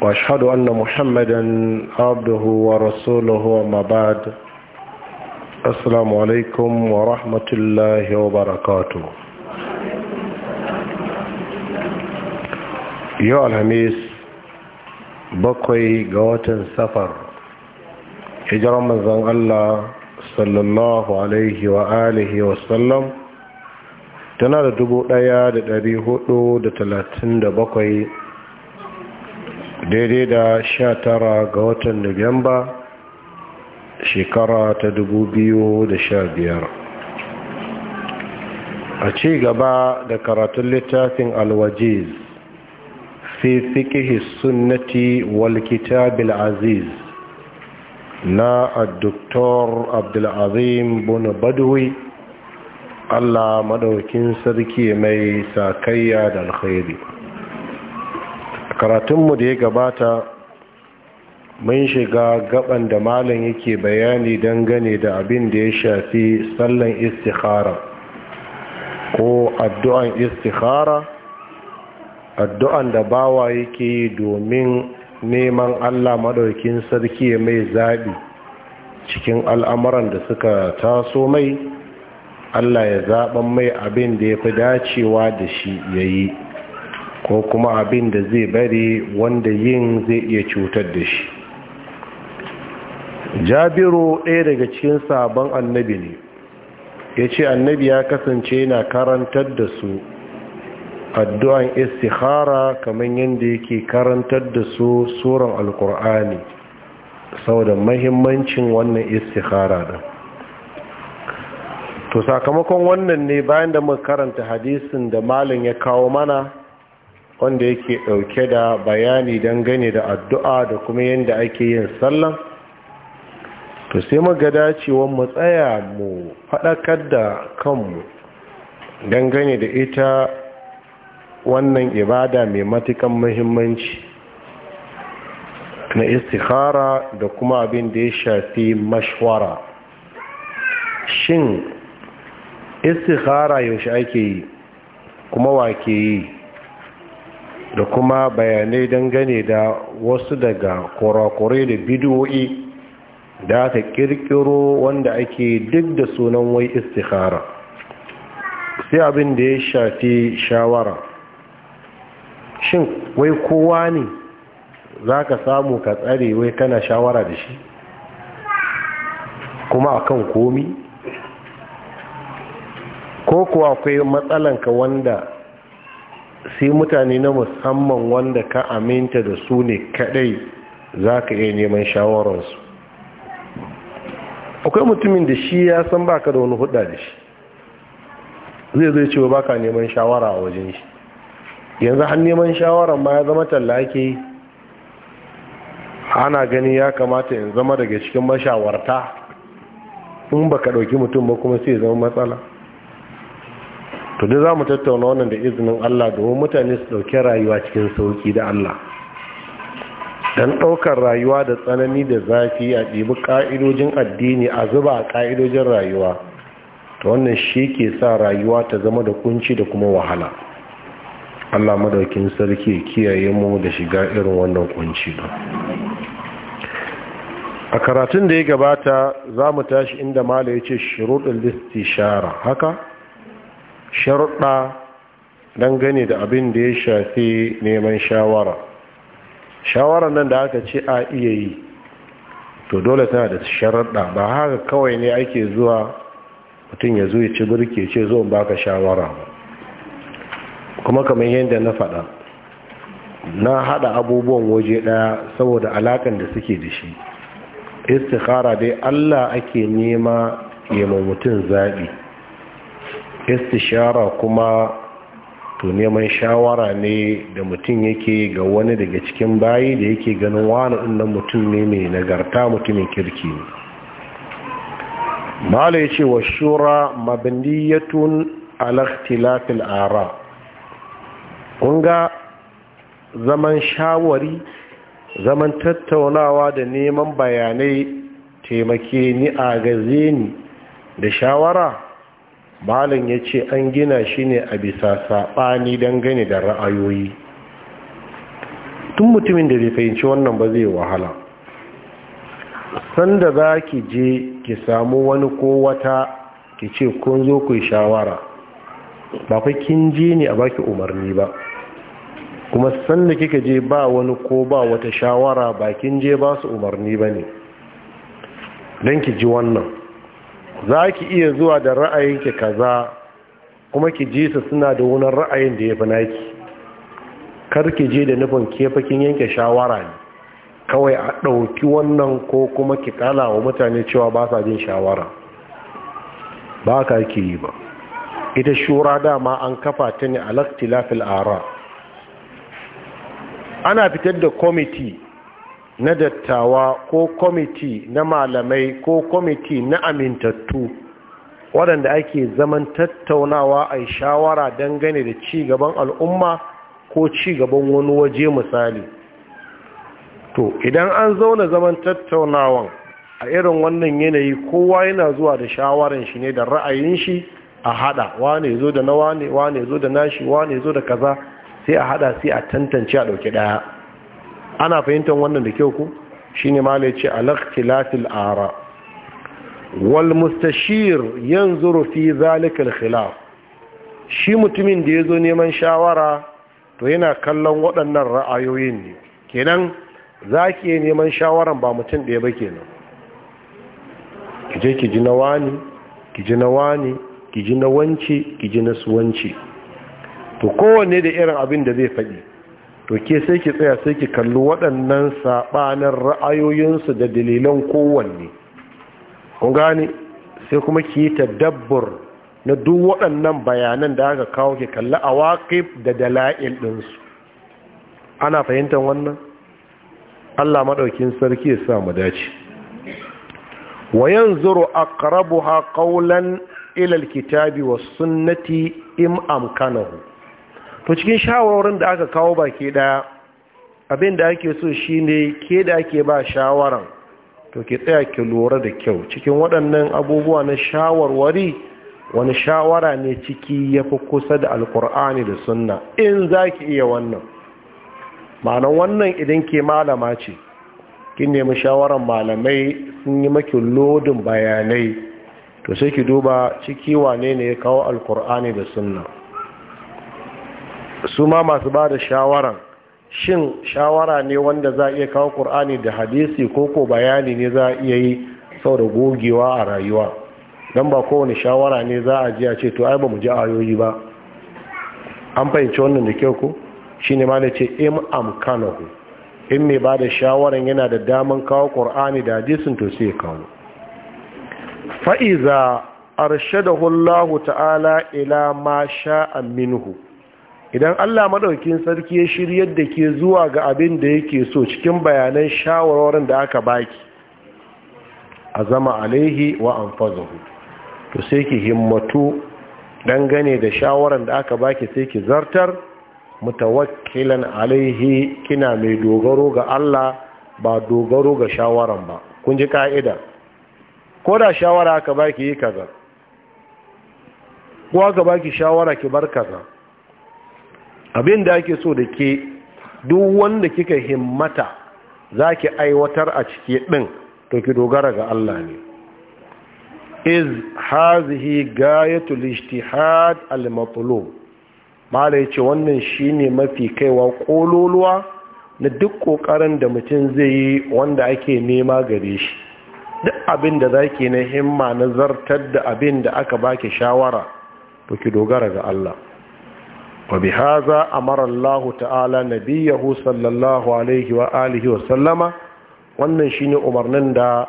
واشهد ان محمدا عبده ورسوله وما بعد السلام عليكم ورحمه الله وبركاته يا الهميس بقي قوات سفر هجر من الله صلى الله عليه واله وسلم tana da dubu ɗaya da ɗari hudu da talatin da bakwai daidai da sha tara ga watan nobamba shekara ta dubu biyu da sha biyar. a ci gaba da karatun littafin alwajiz fi fikihi sunnati wal kitabil aziz na addoktor abdulazim bono badawi allah Maɗaukin sarki mai sakayya da alkhairi karatunmu da ya gabata mun shiga gaban da malam yake bayani dangane da abin da ya shafi sallan istikhara ko addu'an istikhara addu'an da bawa yake yi domin neman allah maɗaukin sarki mai zaɓi cikin al'amuran da suka taso mai allah ya zaɓan mai abin da ya fi dacewa da shi ya yi ko kuma abin da zai bari wanda yin zai iya cutar da shi jabiru ɗaya daga cikin sabon annabi ne ya ce annabi ya kasance yana karantar da su addu'an istihara kamar yadda yake karantar da su suran alkur'ani saboda mahimmancin wannan istihara da to sakamakon wannan ne bayan da muka karanta hadisin da malin ya kawo mana wanda yake ɗauke da bayani dangane da addu'a da kuma yadda ake yin sallan, to sai magada dacewar mu tsaya mu faɗakar da kanmu dangane da ita wannan ibada mai matukan muhimmanci na istikhara da kuma abin da ya shafi mashwara shin istikhara yaushe ake yi kuma wa ke yi da kuma bayanai dangane da wasu daga kurakurai da bidiyoyi da aka kirkiro wanda ake duk da sunan wai istikhara sai abin da ya shafi shawara shin wai kowa ne za ka samu ka tsare wai kana shawara da shi kuma akan komi ko kuwa akwai matsalanka wanda sai mutane na musamman wanda ka aminta da su ne kadai za ka iya neman shawararsu akwai mutumin da shi ya san baka da wani hudda da shi zai zai cewa baka neman shawara a wajen shi yanzu an neman shawarar ma ya zama tallake ana gani ya kamata in zama daga cikin mashawarta in baka ɗauki mutum ba kuma sai zama matsala to dai za mu tattauna wannan da izinin Allah domin mutane su ɗauki rayuwa cikin sauƙi da Allah don ɗaukar rayuwa da tsanani da zafi a ɗibi ƙa'idojin addini a zuba a ƙa'idojin rayuwa ta wannan shi ke sa rayuwa ta zama da kunci da kuma wahala Allah madaukin sarki kiyaye mu da shiga irin wannan kunci a karatun da ya gabata za mu tashi inda mala ya ce shiruɗin listi shara haka sharuɗa dangane da abin da ya shafi neman shawara shawarar nan da aka ce a iya yi to dole tana da sharaɗa ba haka kawai ne ake zuwa mutum ya zuwa ya ci burke ce zo baka shawara ba kuma kamar yadda na faɗa na haɗa abubuwan waje ɗaya saboda alakan da suke da shi istikhara dai allah ake nema yamma mutum zaɓi istishara kuma to neman shawara ne da mutum yake ga wani daga cikin bayi da yake ganin wani inda mutum ne mai nagarta mutumin kirki ne mala ya ce wa shura mabniyatun alaktilafil ara ƙunga zaman shawari zaman tattaunawa da neman bayanai taimake ni a da shawara malam ya ce an gina shi ne a bisa saɓani dangane da ra'ayoyi tun mutumin da bai fahimci wannan ba zai wahala sanda za ki je ki samu wani ko wata ki ce kun zo ku shawara ba kai kin je ne a baki umarni ba kuma sanda kika je ba wani ko ba wata shawara ba kin je ba su umarni ba ne don ki ji wannan za ki iya zuwa da ra'ayinki kaza kuma ki ji su suna da wuna ra'ayin da ya fi naki kar ki je da nufin kefakin yanke shawara ne kawai a ɗauki wannan ko kuma ki kala wa mutane cewa ba sa jin shawara ba ka ke yi ba ita shura dama an kafa ta ne a laktilafil ara ana fitar da kwamiti na dattawa ko kwamiti na malamai ko kwamiti na amintattu waɗanda ake zaman tattaunawa a shawara dangane da ci gaban al'umma ko ci gaban wani waje misali to idan an zauna zaman tattaunawan a irin wannan yanayi kowa yana zuwa da shawarar shi ne da ra'ayin shi a hada wane zo da na wane wane zo da nashi wane zo da kaza sai a hada sai a tantance a dauki daya ana fahimtar wannan da kyau ku shine mala yace alaktilatil ara wal mustashir yanzu fi zalikar khilaf shi mutumin da ya zo neman shawara to yana kallon waɗannan ra'ayoyin ne kenan za ki zaki neman shawaran ba mutum ɗaya ba kenan kije ki ji na wani ki ji na wani ki ji na wance ki ji na to kowanne da irin abin da zai faɗi to ke sai ki tsaya sai ki kalli waɗannan saɓanin ra'ayoyinsu da dalilan kowanne kun gane sai kuma ki yi tadabbur na duk waɗannan bayanan da aka kawo ki kalli a waƙif da dala'il ɗinsu ana fahimtar wannan allah maɗaukin sarki ya sa mu dace wa yanzuru ha qawlan ilal kitabi wa sunnati im amkanahu to cikin shawarwarin da aka kawo baki daya abin da ake so shi ne ke da ake ba shawaran to ke tsaya ke lura da kyau cikin waɗannan abubuwa na shawarwari wani shawara ne ciki ya fi kusa da alkur'ani da sunna in za ki iya wannan ma'anan wannan idan ke malama ce ki nemi shawarar malamai sun yi maki lodin bayanai to sai ki duba ciki wane ne ya kawo alkur'ani da sunna su ma masu ba da shawaran shin shawara ne wanda za a iya kawo ƙur'ani da hadisi ko ko bayani ne za a iya yi sau da gogewa a rayuwa don ba kowane shawara ne za a ji a ce to ai ba mu ji ayoyi ba an fahimci wannan da kyau ko shi ne ma da ce im amkanahu in mai ba da shawaran yana da daman kawo ƙur'ani da hadisin to sai ya kawo fa'iza arshadahu Allah ta'ala ila ma sha'an minhu idan Allah maɗaukin sarki ya shiryar da ke zuwa ga abin da yake so cikin bayanan shawarwarin da aka baki a zama alaihi wa anfazahu to sai ki himmatu dangane da shawarar da aka baki sai ki zartar mutawakkilan alaihi kina mai dogaro ga Allah ba dogaro ga shawaran ba kun ji ka'ida ko da shawara aka baki yi kaza ko aka baki shawara ki bar kaza abin da ake so da ke duk wanda kika himmata za ki aiwatar a ciki ɗin to ki dogara ga Allah ne iz hazihi gayatu lishtihad al matlu mala yace wannan shine mafi kaiwa kololuwa na duk kokarin da mutum zai yi wanda ake nema gare shi duk abin da zaki na himma na zartar da abin da aka baki shawara to ki dogara ga Allah وبهذا أمر الله تعالى نبيه صلى الله عليه وآله وسلم wannan shine umarnin da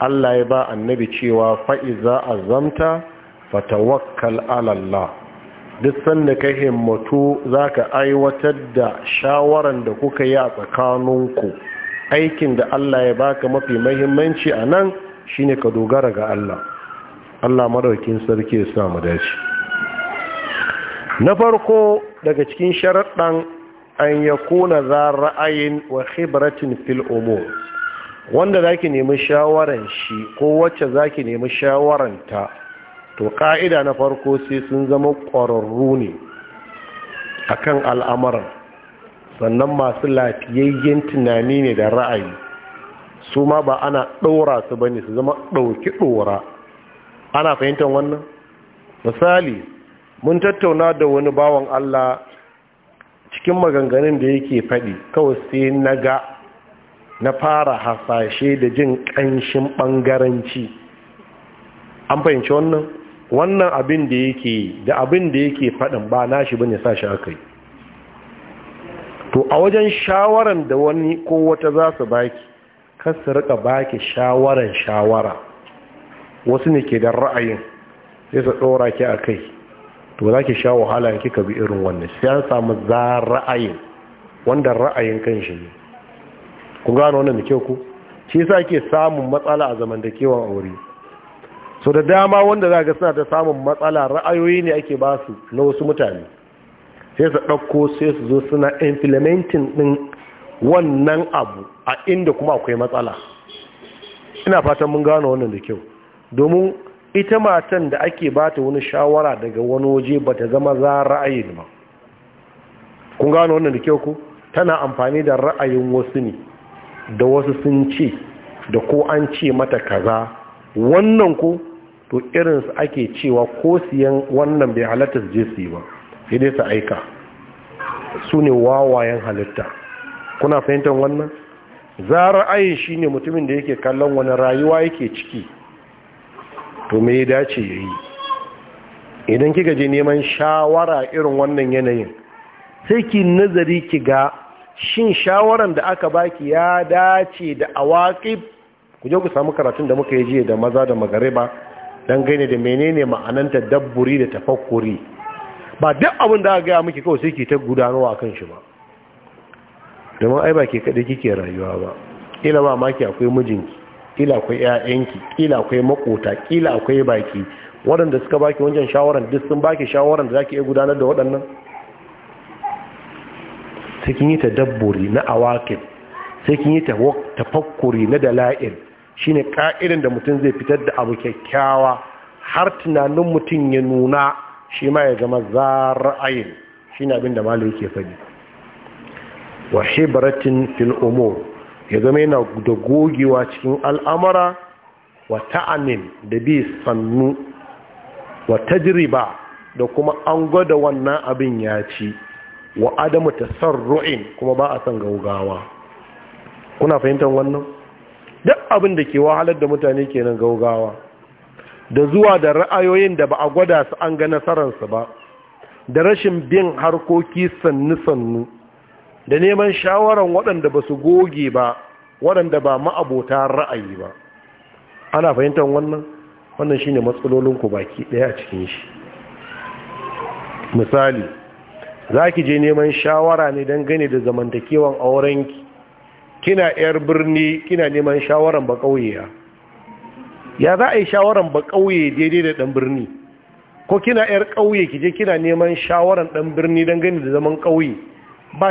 Allah ya ba annabi cewa fa'iza azamta fatawakkal alallah duk sanda ka himmatu zaka aiwatar da shawaran da kuka yi a tsakaninku aikin da Allah ya baka mafi mahimmanci a nan shine ka dogara ga Allah Allah madaukin sarki ya sa mu dace na farko daga cikin sharaɗan an ya kuna za ra'ayin wa khibratin fil umur wanda ki nemi shawaran shi ko wacce za ki nemi ta, to ƙa'ida na farko sai sun zama ƙwararru ne a kan al'amuran sannan masu lafiyayyen tunani ne da ra'ayi su ma ba ana ɗora su ba ne su zama ɗauki ɗora ana fahimtar wannan misali mun tattauna da wani bawan Allah cikin maganganun da yake faɗi kawai sai na ga na fara hasashe da jin ƙanshin ɓangaranci an fahimci wannan wannan abin da yake da abin da yake faɗin ba shi bane sa shi aka yi to a wajen shawaran da wani ko wata za su baki kasu rika baki shawaran shawara wasu ne ke da ra'ayin sai su ɗora ki a kai to za ki sha wahala ya kika bi irin wannan sai an za ra'ayin wanda ra'ayin kan shi ne kun gano wannan da kyau ku shi sa ke samun matsala a kewan aure so da dama wanda za ga suna ta samun matsala ra'ayoyi ne ake ba su na wasu mutane sai su ɗauko sai su zo suna implementing ɗin wannan abu a inda kuma akwai matsala ina fatan mun gano wannan da kyau domin ita matan da ake bata wani shawara daga wani waje ba ta zama za ra'ayin ba kun gano wannan da kyau ku tana amfani da ra'ayin wasu ne da wasu sun ce da ko an ce mata kaza wannan ko to irinsu ake cewa ko siyan wannan bai halatta su je su yi ba sai dai su aika su ne wawayen halitta kuna fahimtar wannan za ra'ayin shi ne mutumin da yake kallon wani rayuwa yake ciki to me ya dace ya yi idan kika je neman shawara irin wannan yanayin sai ki nazari ki ga shin shawaran da aka baki ya dace da awaƙib ku je ku samu karatun da muka yi jiya da maza da magariba don gane da menene ma'ananta dabburi da tafakkuri ba duk abin da aka gaya miki kawai sai ki ta gudanowa kan shi ba domin ai ba ke kaɗai kike rayuwa ba ila ba maki akwai mijinki kila akwai ƴaƴanki kila akwai makota kila akwai baki waɗanda suka baki wajen shawaran duk sun baki shawaran da zaki iya gudanar da waɗannan sai kin yi tadabburi na awakil sai kin yi tafakkuri na dala'il shine ka'idan da mutum zai fitar da abu kyakkyawa har tunanin mutum ya nuna shi ma ya zama zara'ayin shine abin da malai yake faɗi wa hibratin fil umur ya zama yana da gogewa cikin al'amara wa ta'amin da bi sannu wa tajriba da kuma an gwada wannan abin ya ci wa adamu tasarru'in kuma ba a san gaugawa kuna fahimtar wannan duk abin da ke wahalar da mutane kenan gaugawa da zuwa da ra'ayoyin da ba a gwada su an ga nasararsu ba da rashin bin harkoki sannu-sannu da neman shawaran waɗanda ba su goge ba waɗanda ba ma'abota ra'ayi ba ana fahimtar wannan wannan shine matsalolin ku baki ɗaya a cikin shi misali za ki je neman shawara ne don gane da zamantakewan aurenki kina yar birni kina neman shawaran ba ƙauyeya? ya za a yi shawaran ba ƙauye daidai da ɗan birni ko kina yar ƙauye ki je kina neman shawaran ɗan birni don gane da zaman ƙauye ba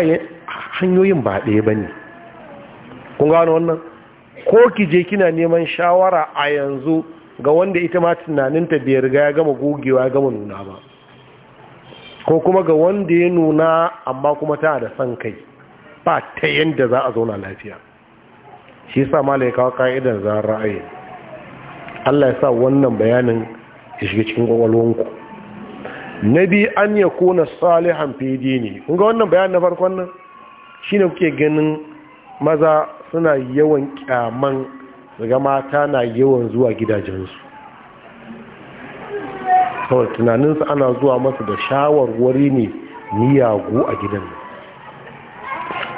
hanyoyin ba ɗaya ba ne kun gano wannan ko ki je kina neman shawara a yanzu ga wanda ita ma tunaninta bai riga ya gama gogewa gama nuna ba ko kuma ga wanda ya nuna amma kuma ta da son kai ba ta yadda za a zauna lafiya shi sa mala ya kawo ka'idar za ra'ayi Allah ya sa wannan bayanin ya shiga cikin kwakwalwanku na biyu an ya kona salihan fede ne ga wannan bayan na farkon nan shi ne kuke ganin maza suna yawan kyaman daga mata na yawan zuwa gidajensu saboda tunaninsu ana zuwa masu da shawarwari ne miyagu a gidan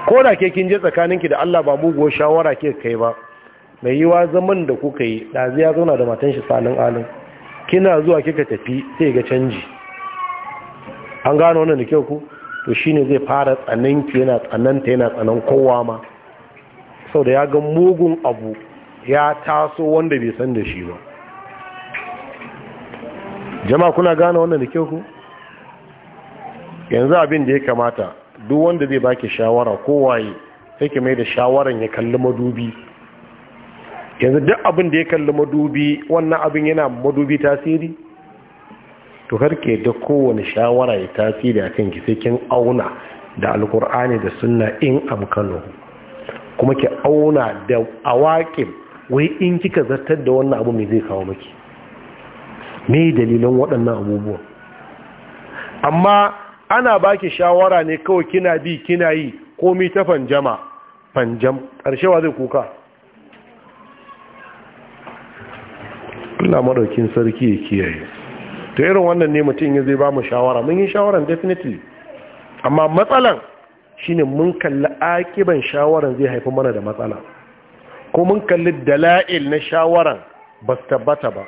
ko da ke kin je tsakaninki da Allah ba muguwar shawara ke kai ba mai yiwa zaman da kuka yi ɗazu ya zauna da matan shi salin alin kina zuwa kika tafi sai ga canji an gano wannan da kyau ku to shine zai fara tsananki yana tsananta yana tsanan kowa ma sau da ya ga mugun abu ya taso wanda bai san da shi ba jama kuna gano wannan da kyau ku yanzu abin da ya kamata duk wanda zai baki shawara kowaye sai ki mai da shawaran ya kalli madubi yanzu duk abin da ya kalli madubi wannan abin yana madubi tasiri to karke da kowane shawara ya tasiri da kan sai kin auna da alkur'ani da sunna in amkano kuma ki auna da awakin wai in kika zartar da wannan abu mai zai kawo maki me dalilan waɗannan abubuwa amma ana baki shawara ne kawai kina bi kina yi mi ta fanjama fanjam wa zai kuka Allah maɗaukin sarki ya kiyaye to irin wannan ne mutum ya zai ba mu shawara mun yi shawara, definitely amma matsalan shine mun kalli akiban shawaran zai haifi mana da matsala ko mun kalli dala'il na shawaran ba su tabbata ba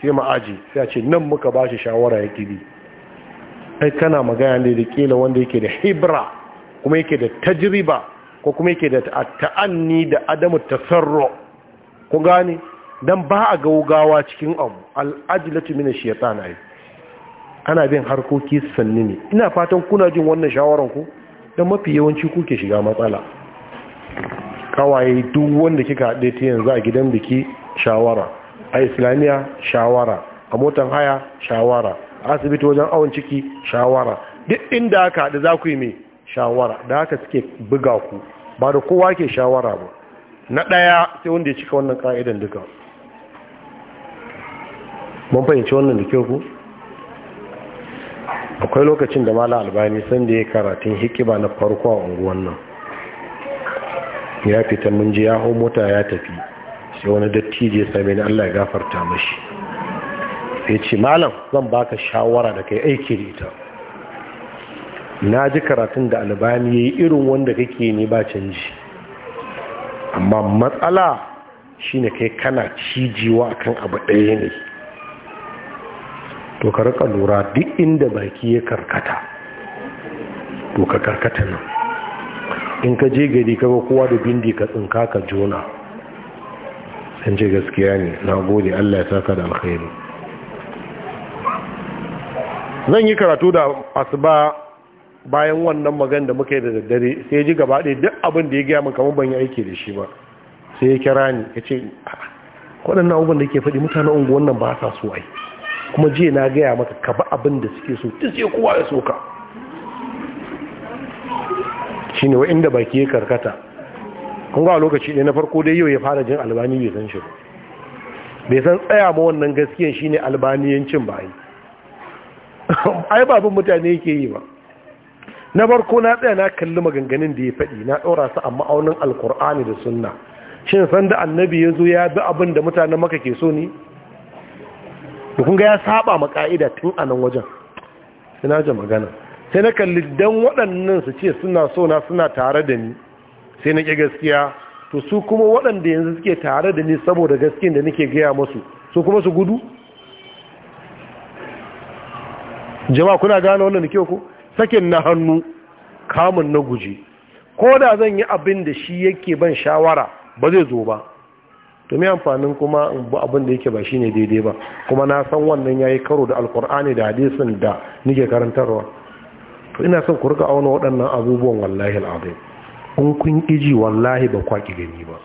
sai mu aji sai a ce nan muka ba shi shawara ya kiri ai kana magana ne da kila wanda yake da hibra kuma yake da tajriba ko kuma yake da ta'anni da adamu tasarro ku gane dan ba a gaugawa cikin abu al'ajilatu mini ash na yi. ana bin harkoki sannu ne ina fatan kuna jin wannan shawaran ku mafi yawanci kuke shiga matsala Ƙawaye duk wanda kika haɗe ta yanzu a gidan biki shawara a islamiyya, shawara a motan haya shawara a asibiti wajen awon ciki shawara duk inda aka haɗe za ku yi mai shawara da haka suke buga ku ba da kowa ke shawara ba na ɗaya sai wanda ya cika wannan ƙa'idan duka mun fahimci wannan da kyau ku akwai lokacin da mala albani sanda ya karatun hikima na farko a unguwan nan ya fita mun ji ya hau mota ya tafi sai wani dattijo ya same ni Allah ya gafarta mashi ya ce malam zan baka shawara da kai aiki da ita na ji karatun da albani ya yi irin wanda kake ne ba canji amma matsala shine kai kana cijiwa kan abu ɗaya ne to ka rika lura duk inda baki ya karkata to ka karkata nan in ka je gari kaga kowa da bindi ka tsinka ka jona san ce gaskiya ne na gode Allah ya saka da alkhairi zan yi karatu da asuba bayan wannan magan da muka yi da daddare sai ji gaba ɗaya duk abin da ya gaya min kamar ban yi aiki da shi ba sai ya kira ni ya ce waɗannan abubuwan da ke faɗi mutanen unguwan nan ba sa so ai kuma jiya na gaya maka ka ba abin da suke so duk sai kowa ya soka shine wa da baki ya karkata kun ga lokaci ɗaya na farko dai yau ya fara jin albani bai san shi bai san tsaya ma wannan gaskiyan shine albaniyancin ba yi ai babin mutane yake yi ba na farko na tsaya na kalli maganganun da ya faɗi na ɗora su a ma'aunin alkur'ani da sunna shin sanda annabi ya zo ya bi abin da mutanen maka ke so ne to kun ga ya saba ma ka'ida tun a nan wajen sai na ji magana sai na kalli dan waɗannan su ce suna so na suna tare da ni sai na ƙi gaskiya to su kuma waɗanda yanzu suke tare da ni saboda gaskiyar da nake gaya masu su kuma su gudu jama'a kuna gane wannan da kyau ku? sakin na hannu kamun na guji ko da zan yi abin da shi yake ban shawara ba zai zo ba to amfanin kuma in bu abin da yake ba ne daidai ba kuma na san wannan yayi karo da alkur'ani da hadisin da nike karantarwa to ina son ku rika auna waɗannan abubuwan wallahi alazim kun kun iji wallahi ba kwa gani ba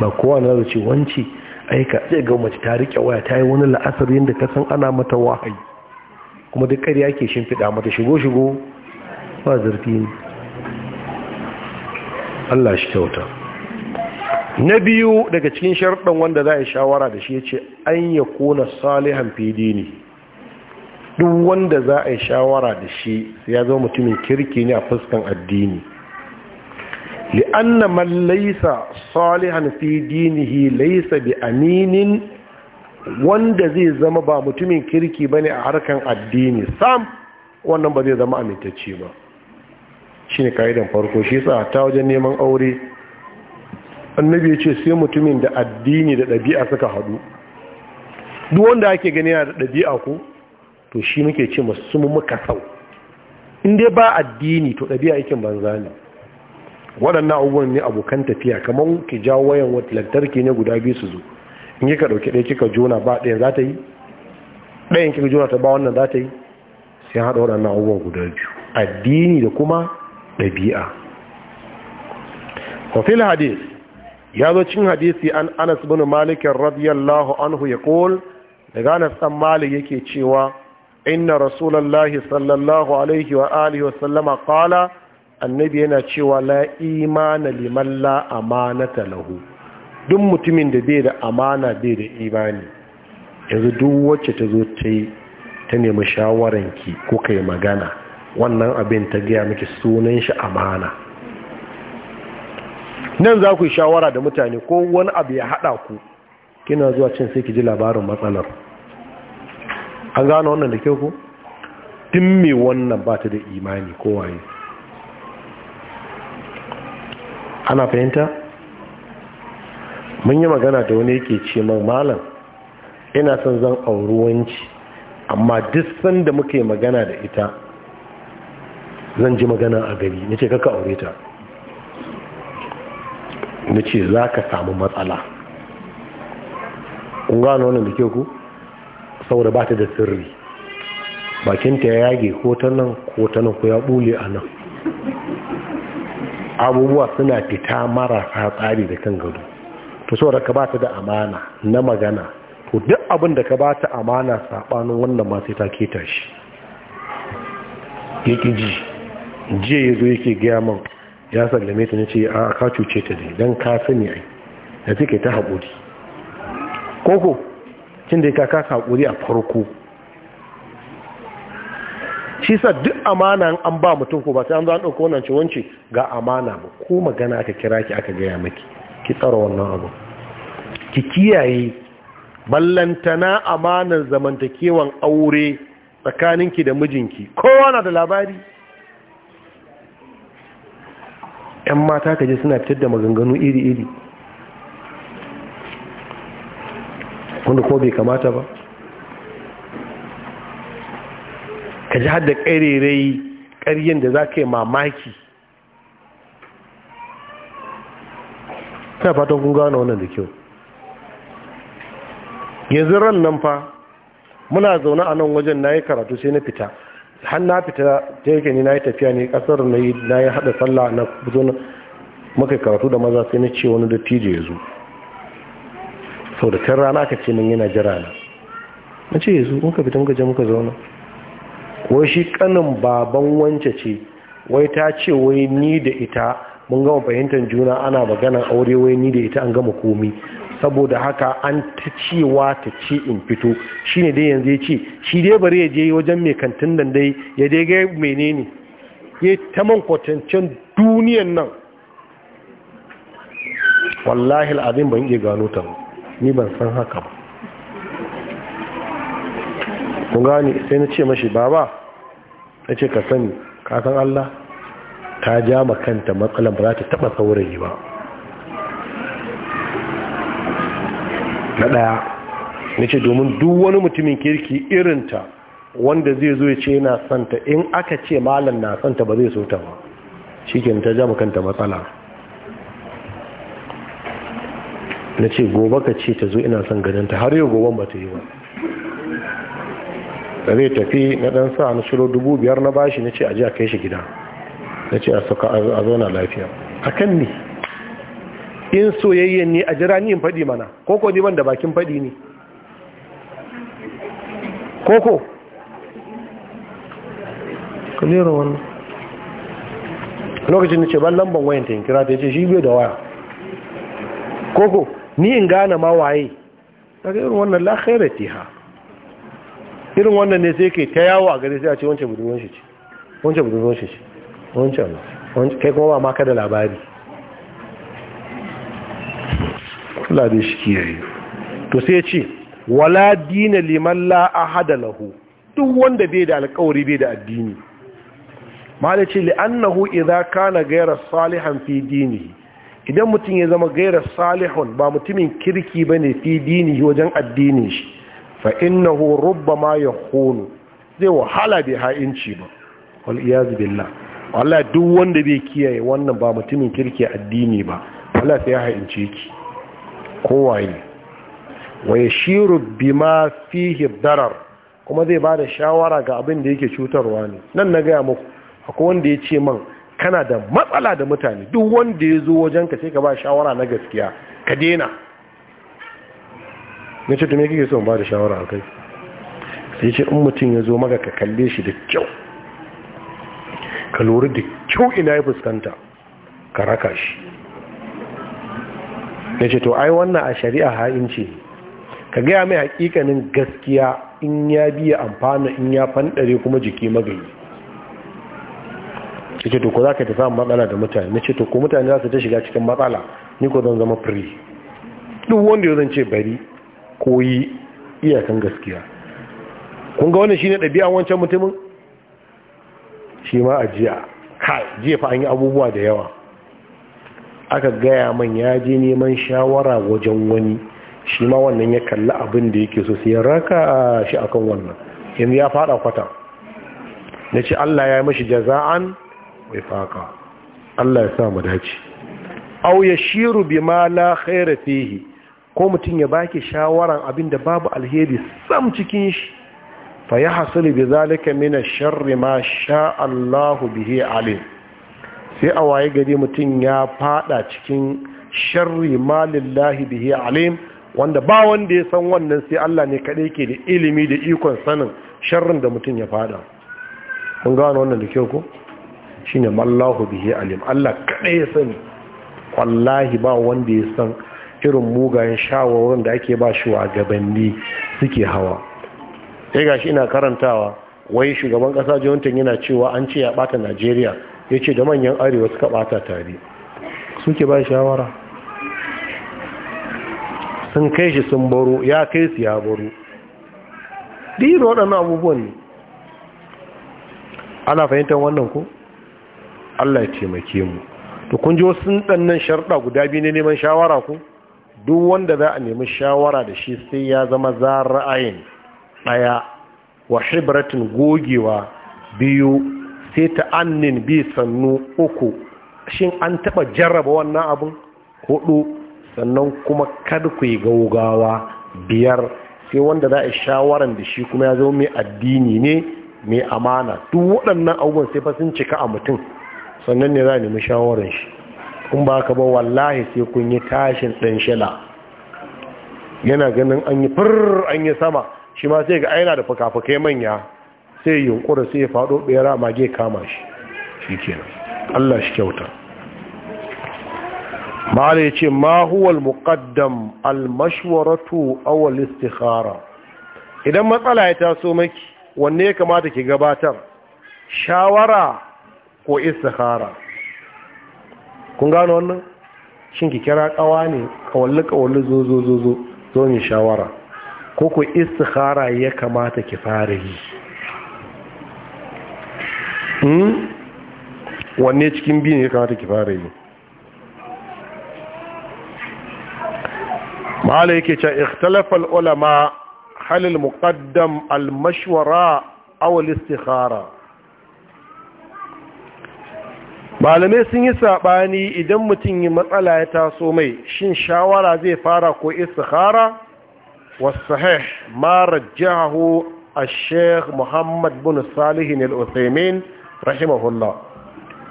ba kowa na zace wanci ai ka ga mace ta rike waya ta yi wani la'asar yadda ka san ana mata wahayi kuma duk ƙarya ke shimfiɗa mata shigo shigo ba zurfi ne Allah shi kyauta na biyu daga cikin sharaɗin wanda za a shawara da shi ya ce an ya kona salihan fidi ne duk wanda za a shawara da shi ya zama mutumin kirki ne a fuskan addini li'anna man laisa salihan fi dinihi laisa bi aminin wanda zai zama ba mutumin kirki ne a harkan addini sam wannan ba zai zama amintacce ba Shi shine kaidan farko shi sa ta wajen neman aure annabi ya ce sai mutumin da addini da ɗabi'a suka haɗu duk wanda ake gani yana da ɗabi'a ko to shi muke ce masu muka sau in ba addini to ɗabi'a yake banza ne waɗannan abubuwan ne abokan tafiya kamar ki jawo wayan wata lantarki ne guda biyu su zo in yi ka ɗauki ɗaya kika jona ba ɗaya za ta yi ɗaya kika jona ta ba wannan za ta yi sai haɗa waɗannan abubuwan guda biyu addini da kuma ɗabi'a wafil hadis ya zo cin hadisi an anas bin malik radiyallahu anhu ya kol daga anas dan malik yake cewa inna rasulullahi sallallahu alaihi wa alihi wa sallama annabi yana cewa la imana liman la amanata lahu duk mutumin da bai da amana bai da imani yanzu duk wacce ta zo ta yi ta nemi shawaranki ko kai magana wannan abin ta gaya miki sunan shi amana nan za ku yi shawara da mutane ko wani abu ya haɗa ku kina zuwa cin sai ki ji labarin matsalar an gano wannan da kyau ku tun me wannan ba ta da imani kowaye ana fahimta mun yi magana da wani yake ce man malam ina son zan auruwanci amma duk sanda muke magana da ita zan ji magana a gari nace kaka aure ta na ce za ka samu matsala kun gano wannan da ke ku saboda ba ta da sirri bakinta ya yage ko ta nan ko ta nan ko ya bule a nan abubuwa suna fita marasa tsari da kan gado to saboda ka ba ta da amana na magana to duk abin da ka ba ta amana saɓanin wannan masu ita ta keta shi yake ji jiya ya zo yake gaya min ya sallame ta nace a ka cuce ta dai dan ka sani ai da take ta haƙuri koko cin da ka kasa haƙuri a farko shi sa duk amana an ba mutum ko ba sai an zo an ɗauko wannan ci wance ga amana ba ko magana aka kira ki aka gaya maki ki tsara wannan abu ki kiyaye ballantana amanar zamantakewan aure tsakaninki da mijinki kowa na da labari 'yan mata ka je suna fitar da maganganu iri-iri wanda kuma bai kamata ba ka ji hada ƙarerai ƙaryen da za ka yi mamaki ta fatan kun gano wannan da kyau yanzu ran nan fa muna zaune a nan wajen na yi karatu sai na fita har na fita ta yake ni na yi tafiya ne kasar na yi na yi haɗa sallah na zo muka karatu da maza sai na ce wani dattijo ya zo sau da kan rana aka ce min yana jira na na ce ya zo ka fita muka je muka zauna wai shi kanin baban wance ce wai ta ce wai ni da ita mun gama fahimtar juna ana magana aure wai ni da ita an gama komi saboda haka an ta cewa ta ce in fito shine dai yanzu ya ce shi dai bari ya je wajen mai kantin nan dai ya dai ga menene ya ta man kwatancen duniyan nan wallahi al'adun ban iya gano ta ni ban san haka ba kun gani sai na ce mashi baba na ce ka sani kasan Allah ta ja makanta matsalan ba za ta taba saurayi ba na ɗaya na ce domin duk wani mutumin kirki irinta wanda zai zo ya ce yana santa in aka ce malam na santa ba zai so ta ba shi ke ta jama kanta matsala na ce gobe ka ce ta zo ina son ganinta har yau goben ba ta yi ba da zai tafi na ɗan sa na shiro dubu biyar na bashi na ce a ji a kai shi gida na ce a zauna lafiya a kan ne in soyayyen ne a jira ni in faɗi mana koko ne wanda da bakin faɗi ne koko kalera wannan lokacin da ce ban lamban wayan ta kira ta ce shi bai da waya koko ni in gane ma waye daga irin wannan la khairati ha irin wannan ne sai ke ta yawo a gari sai a ce wancan budurwanshi ce wancan budurwanshi ce wancan kai kuma ba maka da labari Allah dai shi kiyaye to sai ya ce wala dina liman la ahada lahu duk wanda bai da alƙawari bai da addini mala ce li'annahu idza kana ghayra salihan fi dinihi idan mutum ya zama ghayra salihun ba mutumin kirki bane fi dinihi wajen addinin shi fa innahu rubbama yakhunu zai wahala bai ha'inci ba wal iyaz billah wallahi duk wanda bai kiyaye wannan ba mutumin kirki addini ba wallahi sai ya ha'ince ki kowaye wa bi bima fihi darar kuma zai bada shawara ga abin da yake cutarwa ne nan na gaya muku akwai wanda ya ce man kana da matsala da mutane duk wanda ya zo wajen ka sai ka ba shawara na gaskiya ka dena na ce tume kike so ba da shawara a kai sai ce in mutum ya zo maka ka kalle shi da kyau ka lura da kyau ina ya fuskanta ka raka shi na ce to ai wannan a shari'a ha'inci ka gaya mai hakikanin gaskiya in ya biya amfana in ya fanɗare kuma jiki magayi ya ce to ko za ka ta samun matsala da mutane na ce to ko mutane za su ta shiga cikin matsala ni ko zan zama firi duk wanda ya ce bari koyi yi iyakan gaskiya kun ga shi ne ɗabi'an wancan mutumin shi ma a jiya kai jiya fa an yi abubuwa da yawa aka gaya man ya je neman shawara wajen wani shi ma wannan ya kalli abin da yake so sai raka shi akan wannan yanzu ya fada kwata na ce Allah ya mashi jaza'an wai faka Allah ya sa mu dace aw yashiru bima la khaira fihi ko mutum ya baki shawaran abin da babu alheri sam cikin shi fa yahsul bi zalika min ash-sharri ma sha Allahu bihi alim sai a waye gari mutum ya fada cikin sharri malillahi bihi alim wanda ba wanda ya san wannan sai Allah ne kaɗai ke da ilimi da ikon sanin sharrin da mutum ya fada kun gano wannan da kyau ko shine mallahu bihi alim Allah kaɗai ya sani wallahi ba wanda ya san irin mugayen shawarwarin da ake ba shi wa gabanni suke hawa sai gashi ina karantawa wai shugaban kasa Jonathan yana cewa an ce ya bata Najeriya ya ce da manyan arewa suka bata tare suke ba shawara sun kai shi sun baro ya kai su ya baro dira waɗannan abubuwan ne ana fahimtar wannan ko allah ya taimake mu to kun ji wasu ɗannan sharɗa guda biyu ne neman shawara ku duk wanda za a nemi shawara da shi sai ya zama zara'ayin ɗaya wa hibratin gogewa biyu sai ta annin bi sannu uku shin an taba jarraba wannan abin hudu sannan kuma kada ku yi gaugawa biyar sai wanda za a shawaran da shi kuma ya zo mai addini ne mai amana duk waɗannan abubuwan sai fa sun cika a mutum sannan ne za a nemi shawaran shi kun ba ka ba wallahi sai kun yi tashin ɗan shila yana ganin an yi fir an yi sama shi ma sai ga aina da fuka-fukai manya sai yunkura sai ya faɗo ɓera mage kama shi shi kenan Allah shi kyauta ma'ala ya ce ma huwal muqaddam almashwaratu awal istikhara idan matsala ya taso maki wanne ya kamata ki gabatar shawara ko istikhara kun gano wannan shin ki kira ƙawa ne kawalli kawalli zo zo zo zo zo ne shawara ko ku istikhara ya kamata ki fara yi Hmm? wanne cikin biyu ne kamata ki fara yi ma'ala yake ce ikhtalafal ulama halil muqaddam al-mashwara aw al-istikhara malamai sun yi sabani idan mutum yi matsala ya taso mai shin shawara zai fara ko istikhara والصحيح ما رجعه الشيخ محمد بن صالح الأثيمين rahimahullah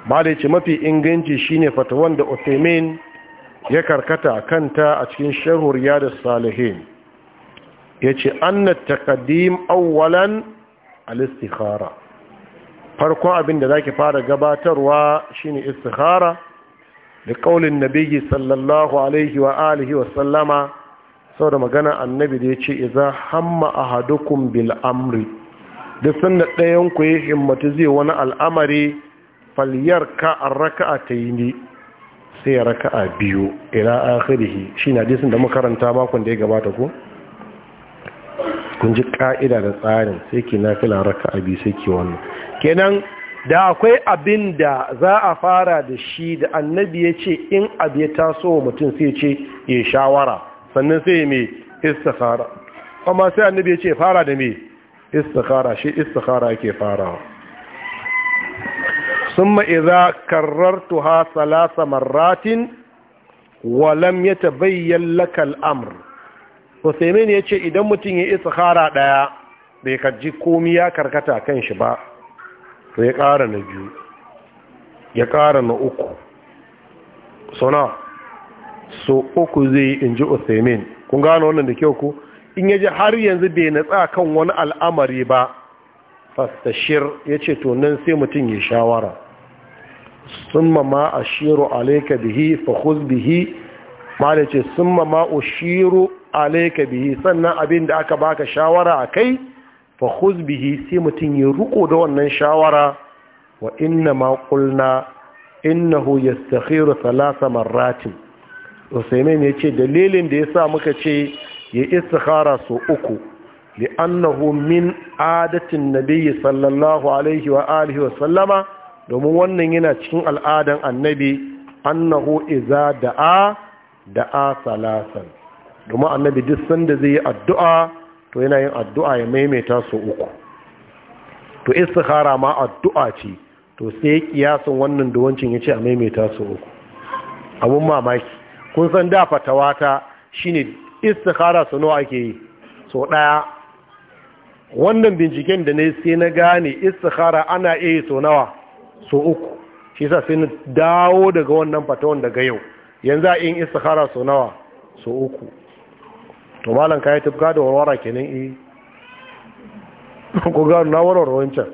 ma da ce mafi inganci shine fatawan da Uthaymeen ya karkata kanta a cikin sharhur da salihin yace anna taqaddim awwalan al-istikhara farko abin da zaki fara gabatarwa shine istikhara da kaulin nabiyyi sallallahu alaihi wa alihi wa sallama saboda magana annabi da yace idza hamma ahadukum bil amri da sanda ɗayan ku ya himmatu zai wani al'amari falyar ka an raka'a ta yi ne sai raka'a biyu ila akhirihi shi na disin da makaranta makon da ya gabata ku. kun ji ka'ida da tsarin sai ke na nafila raka'a biyu sai ke wannan kenan da akwai abin da za a fara da shi da annabi ya ce in abu ya taso mutum sai ce ya shawara sannan sai ya mai fara. amma sai annabi ya ce fara da mai istikhara shi istikhara yake farawa summa idza karrartuha salasa marratin wa lam yatabayyan laka al-amr Husaymin yace idan mutum ya istikhara daya bai kaji komai ya karkata kan shi ba to ya ƙara na biyu ya ƙara na uku sona so uku zai inji Uthaymin kun gano wannan da kyau ku in yaji har yanzu bai natsa kan wani al'amari ba fastashir yace ce to sai mutum ya shawara summa ma ashiru alayka bihi fa khudh bihi mala ce summa ma ushiru alayka bihi sannan abin da aka baka shawara akai fa khudh bihi sai mutum ya ruko da wannan shawara wa inna ma qulna innahu yastakhiru thalatha marratin usaimin yace dalilin da yasa muka ce ya istikhara su uku li'annahu min adatin nabiyyi sallallahu alaihi wa alihi wa sallama domin wannan yana cikin al'adan annabi annahu iza da'a da'a salasan domin annabi duk sanda zai yi addu'a to yana yin addu'a ya maimaita su uku to istikhara ma addu'a ce to sai kiyasin wannan da wancin yace a maimaita su uku abun mamaki kun san da fatawata shine istikhara su nawa ake yi so daya wannan binciken da ne sai na gane istikhara ana iya so nawa so uku shi sa sai na dawo daga wannan fatawan daga yau yanzu a yin istikhara so nawa so uku to malam yi tufka da warwara kenan yi eh. ku ga na warware wancan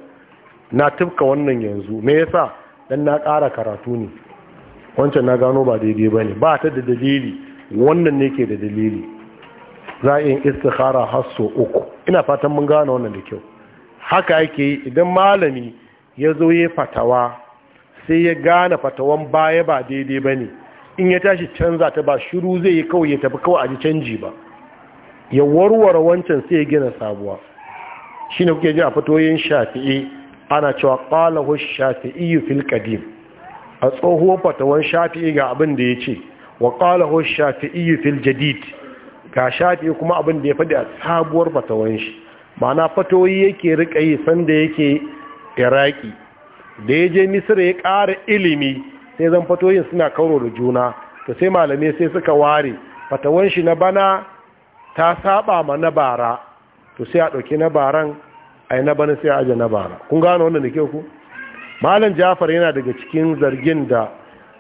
na tufka wannan yanzu me yasa dan na kara karatu ne wancan na gano ba daidai ba ne ba ta da dalili wannan ne ke da dalili za a yin istikhara har sau uku ina fatan mun gane wannan da kyau haka yake yi idan malami ya zo ya fatawa sai ya gane fatawan baya ba daidai ba ne in ya tashi canza ta ba shiru zai yi kawai ya tafi kawai a ji canji ba ya warware wancan sai ya gina sabuwa shi ne kuke ji a fatoyin shafi'i ana cewa ƙalahu shafi'i fil qadim a tsohuwar fatawan shafi'i ga abin da ya ce wa ƙalahu shafi'i fil jadid Ka shafi kuma abin da ya faɗi a sabuwar fatawan shi ma'ana fatoyi yake rika yi sanda yake iraki da ya je misira ya ƙara ilimi sai zan fatoyin suna kauro da juna to sai malamai sai suka ware fatawan shi na bana ta saba ma na bara to sai a ɗauki na baran a yi na bana sai aje na bara kun gano wannan da ke ku malam jafar yana daga cikin zargin da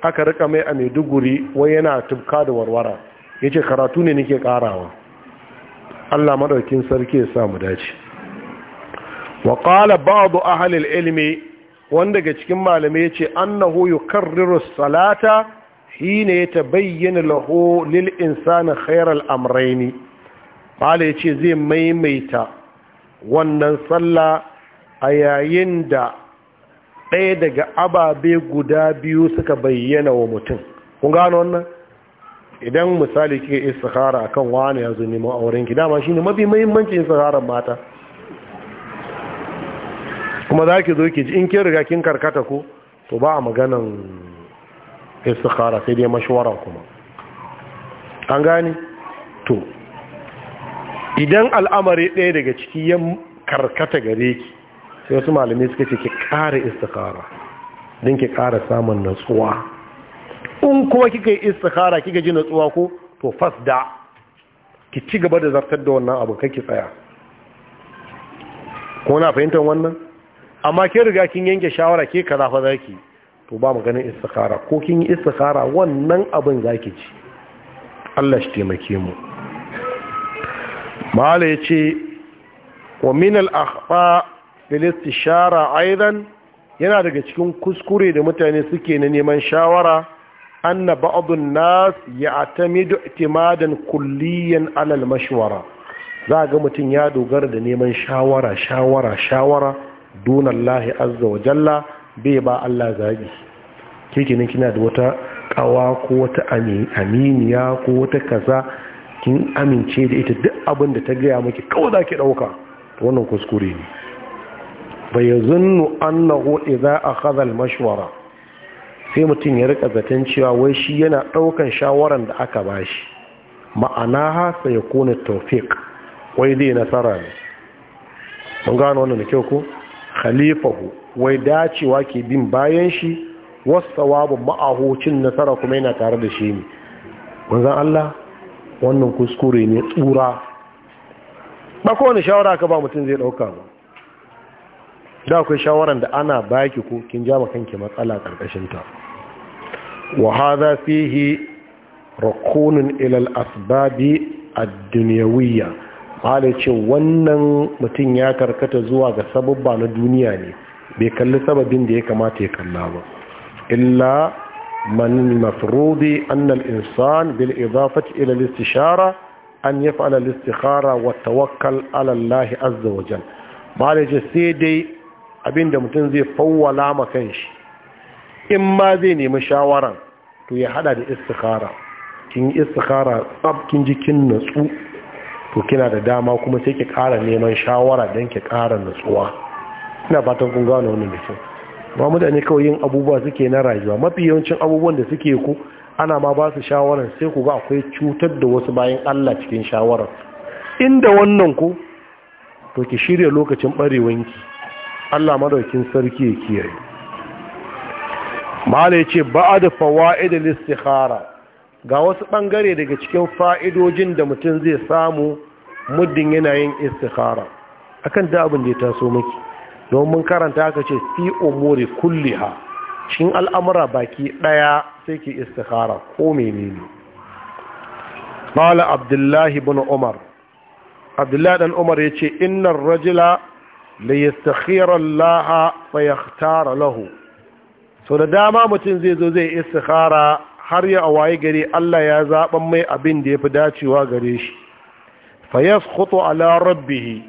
aka rika mai a maiduguri wai yana tubka da warwara ya ce karatu ne nake karawa allah maɗaukin sarki ya mu dace wa ƙala a ahalil ilmi wanda daga cikin malamai ya ce annahu yukarriru salata hina ya tabayyana lahu lil insani amraini mala ya ce zai maimaita wannan sallah a yayin da ɗaya daga ababe guda biyu suka bayyana wa mutum kun gano wannan idan misali kike istikhara akan wani yazo neman auren ki dama shine mafi muhimmancin istikharar mata kuma za ki zo ki ji in kin riga kin karkata ko to ba a maganan istikhara sai dai mashwara kuma an gane to idan al'amari ɗaya daga ciki ya karkata gare ki sai wasu malamai suka ce ki ƙara istikhara don ki ƙara samun natsuwa in kuma kika yi istikhara kika ji natsuwa ko to fasda ki ci gaba da zartar da wannan abu ki tsaya ko na fahimtar wannan amma kin riga kin yanke shawara ke kaza fa zaki to ba mu ganin istikhara ko kin yi istikhara wannan abin zaki ci Allah shi taimake mu mala yace wa min al-akhfa bil istishara aidan yana daga cikin kuskure da mutane suke na neman shawara anna ba'dun nas ya'tamidu i'timadan kulliyan alal mashwara za ga mutum ya dogara da neman shawara shawara shawara dunallahi azza wa jalla bai ba Allah zabi kikinin kina da wata ƙawa ko wata aminiya ko wata kaza kin amince da ita duk abinda ta gaya maki kawai za ki ɗauka wannan kuskure ne bai zunnu annahu idza akhadha al-mashwara sai mutum ya rika zaton cewa wai shi yana ɗaukan shawaran da aka bashi ma'ana hasa ya kone taufik wai dai nasara ne mun gano wannan da kyau ko khalifahu wai dacewa ke bin bayan shi wasu ma'ahocin nasara kuma yana tare da shi ne wanzan Allah wannan kuskure ne tsura ba kowane shawara ka ba mutum zai ɗauka ba da akwai shawaran da ana baki ko kin ja kanki matsala karkashin ta wa hadha fihi rukunun ila al-asbabi ad-dunyawiyya bale ce wannan mutum ya karkata zuwa ga sababba na duniya ne bai kalli sababin da ya kamata ya kalla ba illa man mafrudi anna al-insan bil idafati ila al-istishara an yaf'ala al-istikhara wa tawakkal ala Allah azza wa jalla bale ce sai dai Abin da mutum zai fawwala ma kanshi in ma zai nemi shawaran to ya hada da istikhara kin istikhara tsab kin ji kin natsu to kina da dama kuma sai ki ƙara neman shawara dan ki ƙara natsuwa ina fatan kun gano wannan da kyau ba mutane kawai yin abubuwa suke na rayuwa mafi yawancin abubuwan da suke ku ana ma ba su shawarar sai ku ga akwai cutar da wasu bayan Allah cikin shawarar inda wannan ku to ki shirya lokacin barewanki Allah madaukin sarki ya kiyaye malai ce ba'ad da al-istikhara ga wasu bangare daga cikin fa'idojin da mutum zai samu muddin yana yin istikhara akan da abin da ya taso miki don mun karanta aka ce fi umuri kulliha cikin al'amura baki daya sai ke istikhara ko menene qala abdullahi ibn umar abdullahi dan umar yace innar rajula la yastakhira Allah lahu so da dama mutum zai zo zai istikhara har ya wayi gari Allah ya zaben mai abin da yafi dacewa gare shi fa yasqutu ala rabbih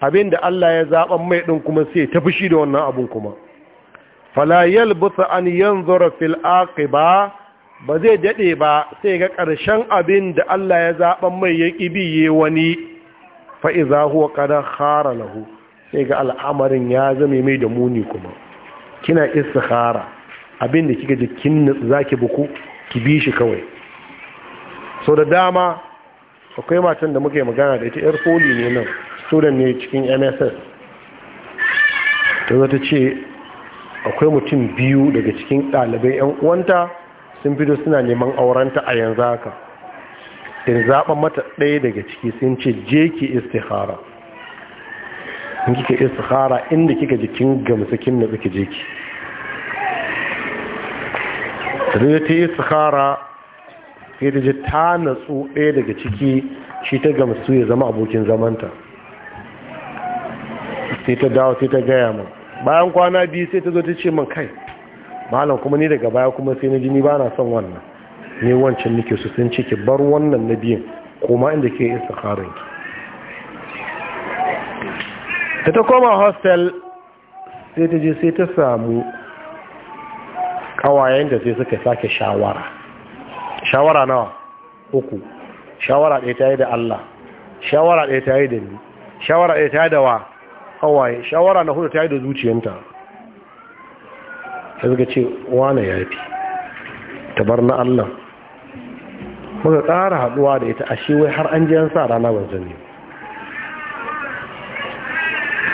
abin da Allah ya zaben mai din kuma sai ta fushi da wannan abun kuma fala yalbutu an yanzura fil aqiba ba zai dade ba sai ga karshen abin da Allah ya zaben mai ya kibiye wani fa iza huwa qad khara lahu sai ga al'amarin ya zame mai da muni kuma kina istikhara abinda kika ji kin zaki buku ki bi shi kawai so da dama akwai matan da muke magana da ita yar foli ne nan student ne cikin NSS ta zata ce akwai mutum biyu daga cikin ɗalibai yan uwanta sun fito suna neman aurenta a yanzu haka in zaɓa mata ɗaya daga ciki sun ce je ki istihara in istikhara inda kika jikin gamsakin da kike je ki da ta yi istikhara sai ta ji ta natsu ɗaya daga ciki shi ta gamsu ya zama abokin zamanta sai ta dawo sai ta gaya min bayan kwana biyu sai ta zo ta ce min kai malam kuma ni daga baya kuma sai na ji ni ba na son wannan ne wancan nake so sun ce ki bar wannan na biyan koma inda ke istikharin da ta koma hostel sai ta je sai ta samu kawayen da sai suka sake shawara shawara nawa uku shawara ɗaya ta yi da Allah shawara ɗaya ta yi da ni shawara ɗaya ta yi da wa kawaye shawara na hudu ta yi da zuciyanta sai suka ce wane ya fi tabar na Allah muka ƙara haɗuwa da ita ashe wai har an ji an sa rana ban sani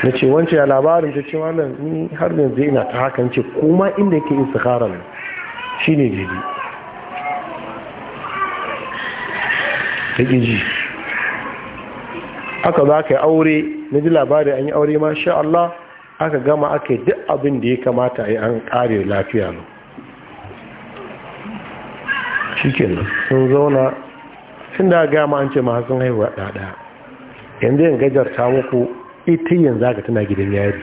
na ce wancan ya labarin ta ce nan ni har yanzu ina ta hakan ce kuma inda yake sahara ne shine jidi ta ji aka za ka yi aure na ji labarin an yi aure ma sha Allah aka gama aka yi duk abin da ya kamata yi an kare lafiya ne shi nan sun zauna sun da gama an ce ma sun haihuwa ɗaɗa yanzu yin gajarta muku ita eh, yanzu haka tana gidan yari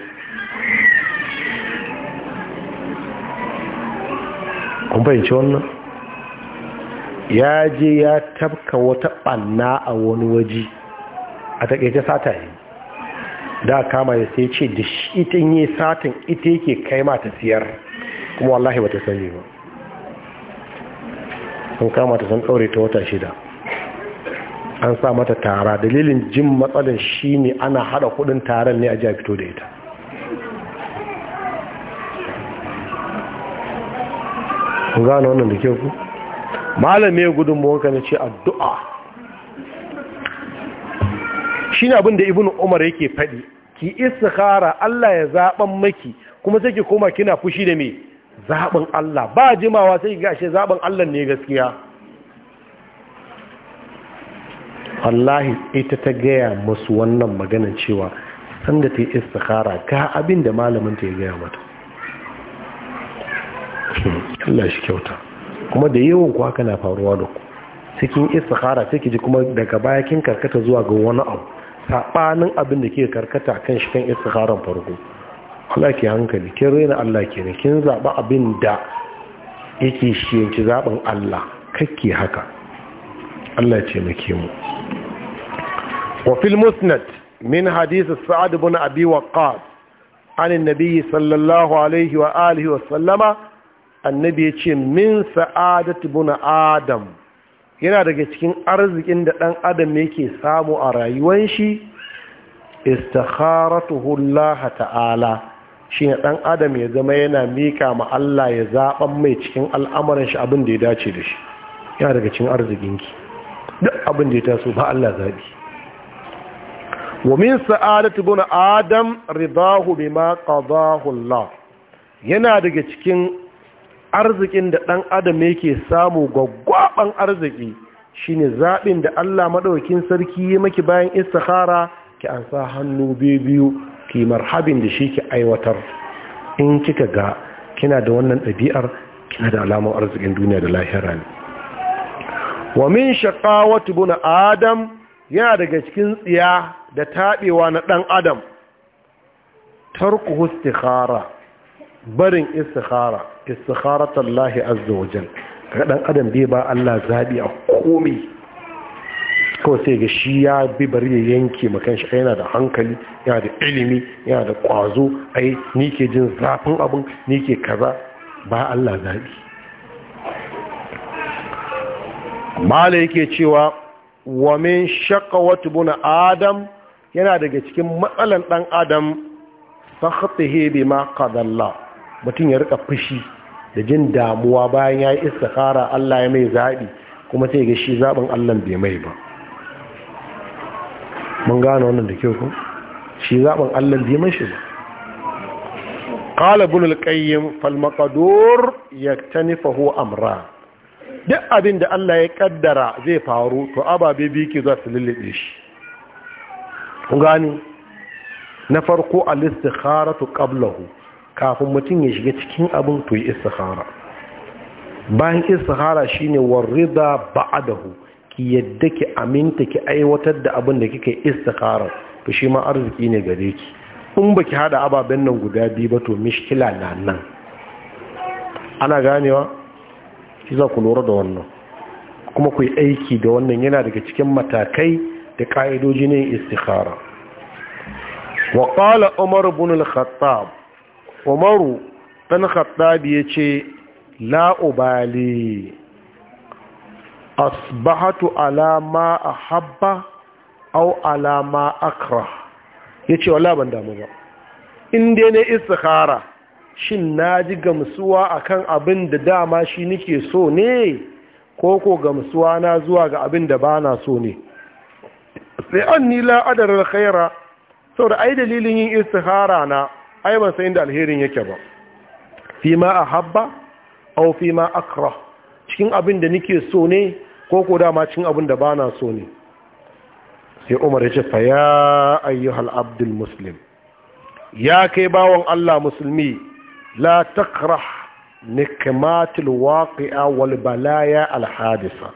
kun fahimci wannan ya je ya tafka wata ɓanna a wani waje a taƙaice sata yi da kama ya sai ce da shi ita yi satin ita yake kai mata siyar kuma wallahi bata ta sani ba sun kama ta sun ɗaure ta wata shida an sa mata tara dalilin jin matsalar shine ana hada kudin taron ne a jiya fito da ita ku gano wannan da ke ku gudun mawaka na ce addu'a shi ne abinda ibn umar yake faɗi ki istikhara Allah ya zaɓan maki kuma sai ki koma kina fushi da mai zaɓin Allah ba jimawa sai ki gashe zaɓin Allah ne gaskiya wallahi ita ta gaya masu wannan maganar cewa sanda ta yi istikara ga abin da malamin ta ya gaya mata Allah shi kyauta kuma da yawan ku haka na faruwa da ku cikin istikara sai ji kuma daga baya kin karkata zuwa ga wani abu sabanin abin da ke karkata kan shi kan istikharan farko Allah ke hankali kin rena Allah ke ne, kin zaba abin da yake shi yanki Allah kake haka Allah ya taimake mu wa fil musnad min hadith sa'ad ibn abi waqqas an annabi sallallahu alaihi wa alihi wa sallama annabi ya min sa'adat ibn adam yana daga cikin arzikin da dan adam yake samu a rayuwar shi istikharatuhu Allah ta'ala Shi ne dan adam ya zama yana mika ma Allah ya zaban mai cikin al'amarin shi abin da ya dace da shi yana daga cikin arzikinki duk abin da ya taso ba Allah zaɓi wa min sa'adatu bin adam ridahu bima qadahu Allah yana daga cikin arzikin da ɗan adam yake samu gaggwaban arziki shine zaɓin da Allah maɗaukin sarki ya maki bayan istikhara ki an sa hannu biyu ki marhabin da shi ki aiwatar in kika ga kina da wannan ɗabi'ar kina da alamar arzikin duniya da lahira ne wa min shaqawati bun adam yana daga cikin tsiya da taɓewa na ɗan adam tarku istikhara barin istikhara istikharatan lahi azza wa jal ga ɗan adam bai ba Allah zabi a komai kawai sai ga shi ya bi bari ya yanke makan shi yana da hankali yana da ilimi yana da ƙwazo ai ni ke jin zafin abun ni ke kaza ba Allah zabi mala yake cewa wa min shaqawati bun adam yana daga cikin matsalan dan adam sakhatihi bima Allah mutum ya rika fushi da jin damuwa bayan yayi istikhara Allah ya mai zabi kuma sai ga shi zaben Allah bai mai ba mun gano wannan da kyau ko shi zaben Allah bai mai shi ba قال qayyim fal maqdur yaktanifu amra. duk abin da Allah ya kaddara zai faru to ababe biyu ke za su lullube shi gani na farko al tu qablahu kafin mutum ya shiga cikin abin to yi istikhara bayan istikhara shine warida ba'dahu ki yadda ki aminta ki aiwatar da abin da kike istikhara to shi ma arziki ne gare ki in baki hada ababen nan guda biyu ba to mishkila na nan ana ganewa shi za ku lura da wannan kuma ku yi aiki da wannan yana daga cikin matakai da ƙa'idoji ne istikhara wa qala umar ibn al-khattab umaru ɗan khattab yace la ubali asbahatu ala ma ahabba aw ala ma akrah yace wallahi ban damu ba in dai ne istikhara shin na ji gamsuwa a kan abin da dama shi nike so ne ko ko gamsuwa na zuwa ga abin da ba na so ne sai an ni khaira sau da ai dalilin yin istihara na ai ban san inda alherin yake ba fi ma habba au fi ma akrah cikin abin da nike so ne ko ko dama cikin abin da ba na so ne sai Umar ya ce fa ya ayyuhal abdul muslim ya kai bawon Allah musulmi la تقرح نكمات الواقع والبلايا الحادثة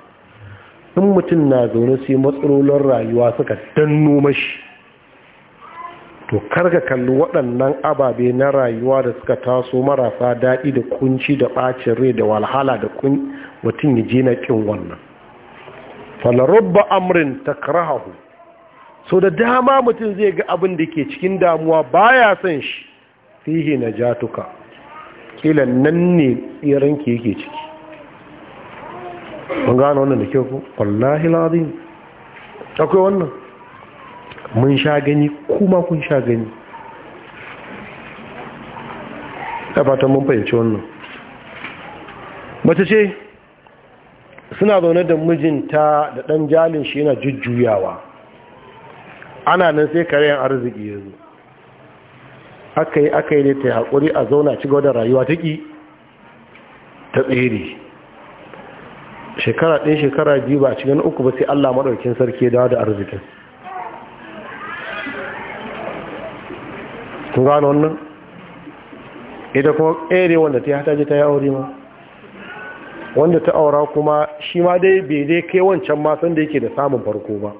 ثم hadisa in mutum na zaune sai matsalolin rayuwa suka danno shi, to ka kalli waɗannan ababe na rayuwa da suka taso marasa daɗi da kunci da ɓacin rai da walhala da kun mutum ya je na ƙin wannan falarubba amrin takrahahu so da dama mutum zai ga abin da ke cikin damuwa baya son shi fihi najatuka kila nan ne tsiranki yake ciki mun gano wannan da kyau ku wallahi lazim akwai wannan mun sha gani kuma kun sha gani ta fatan mun fahimci wannan mace ce suna zaune da mijinta da ɗan jalin shi yana jujjuyawa ana nan sai yan arziki ya zo aka yi aka yi ne ta haƙuri a zauna ci gaba da rayuwa ta ƙi ta tsere shekara ɗin shekara biyu ba cikin uku ba sai allah maɗaukin sarki dawa da arzikin kun gano wannan ita kuma ƙere wanda ta yi ji ta yi aure ma wanda ta aura kuma shi ma dai bai dai kai wancan masan da yake da samun farko ba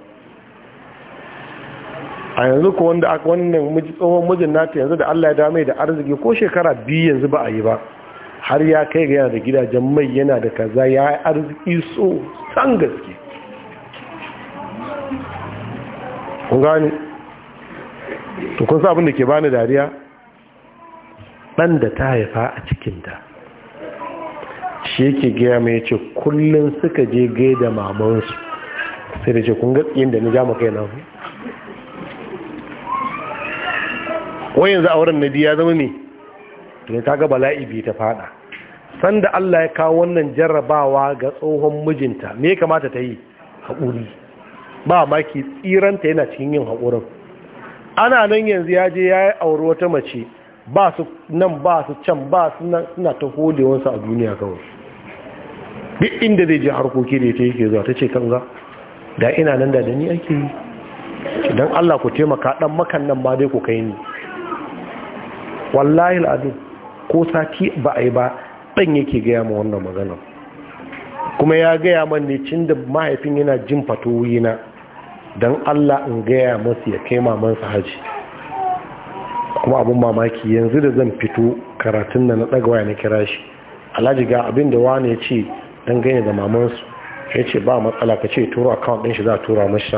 a yanzu ko wanda aka wannan tsohon mijin nata yanzu da Allah ya dame da arziki ko shekara biyu yanzu ba a yi ba har ya kai ga yana da gidajen mai yana da kaza ya yi arziki so san gaske kun gane to kun sa abin da ke bani dariya ɗan da ta haifa a cikinta shi yake gaya mai ce kullum suka je gaida mamansu sai da ce kun gaskiyin da na ja maka yana wai yanzu auren nabi ya zama me to ta ga bala'i ta fada sanda Allah ya kawo wannan jarrabawa ga tsohon mijinta me ya kamata ta yi haƙuri ba tsiranta yana cikin yin haƙurin ana nan yanzu ya je ya yi auri wata mace ba su nan ba su can ba su nan suna ta wansu a duniya kawai duk inda zai je harkoki da ita yake zuwa ta ce kan da ina nan da da ni ake yi idan Allah ku taimaka dan makan nan ma dai ku kai ni wallahi al'adu ko sati ba a yi ba ɗan yake gaya ma wannan magana kuma ya gaya man ne cin da mahaifin yana jin fatoyi na don allah in gaya masu ya kai mamansa haji kuma abin mamaki yanzu da zan fito karatun da na ɗagawa na kira shi alhaji ga abin da wani ya ce don gani da mamansu ya ce ba matsala ka ce turo account ɗin shi za a tura mashi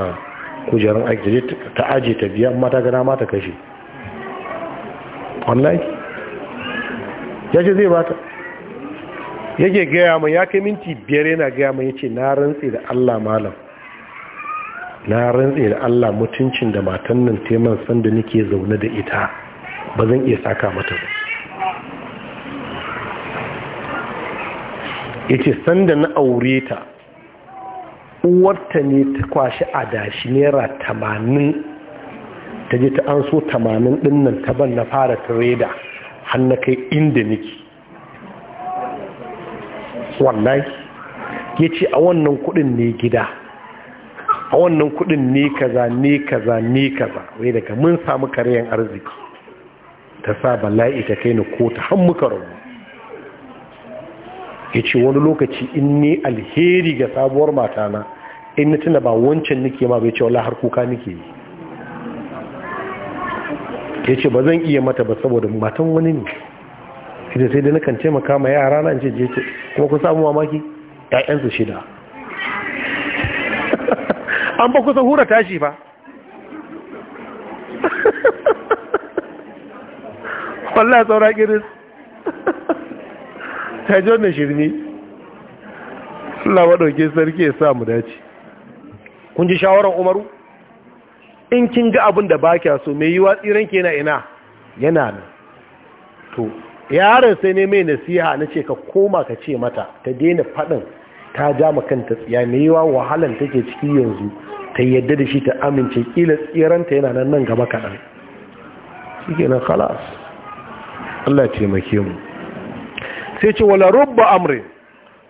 kujerun aiki ta aji ta biya mata gana mata kashe wallahi ya ce zai bata yake gaya mai ya kai minti biyar yana gaya mai ya ce na rantse da allah malam na rantse da allah mutuncin da matan nan teman sanda nake zaune da ita ba zan iya saka mata ba ya ce sanda na aure ta uwarta ne ta kwashi adashi naira tamanin ta je ta an so tamanin dinnan ta ban na fara tireda har na kai inda niki, wallahi ya ce a wannan kudin ne gida a wannan kudin ne kaza ne kaza ne kaza wai daga mun samu karyan arziki ta sa bala'i ta kai ni kota har muka rabu ya ce wani lokaci in ni alheri ga sabuwar matana in na tuna ba wancan nake ma bai ce wala har kuka nake yi ya ce ba zan iya mata ba saboda matan wani ne da sai da na kan taimaka ma yara na ce je kuma kun samu mamaki ƴaƴansu shida an ba kusa hura tashi ba wallah saura giris ta ji wannan shirni lawa waɗauke sarki ya sa mu dace kun ji shawarar umaru in kin ga abin da ba kya so mai yi tsiran ke na ina yana nan to yaron sai ne mai nasiha na ce ka koma ka ce mata ta daina faɗin ta ja kanta tsiya mai yiwa wahalan take ciki yanzu ta yadda da shi ta amince kila tsiranta yana nan nan gaba kaɗan shi ke nan khalas Allah taimake mu sai ce wala rubba amri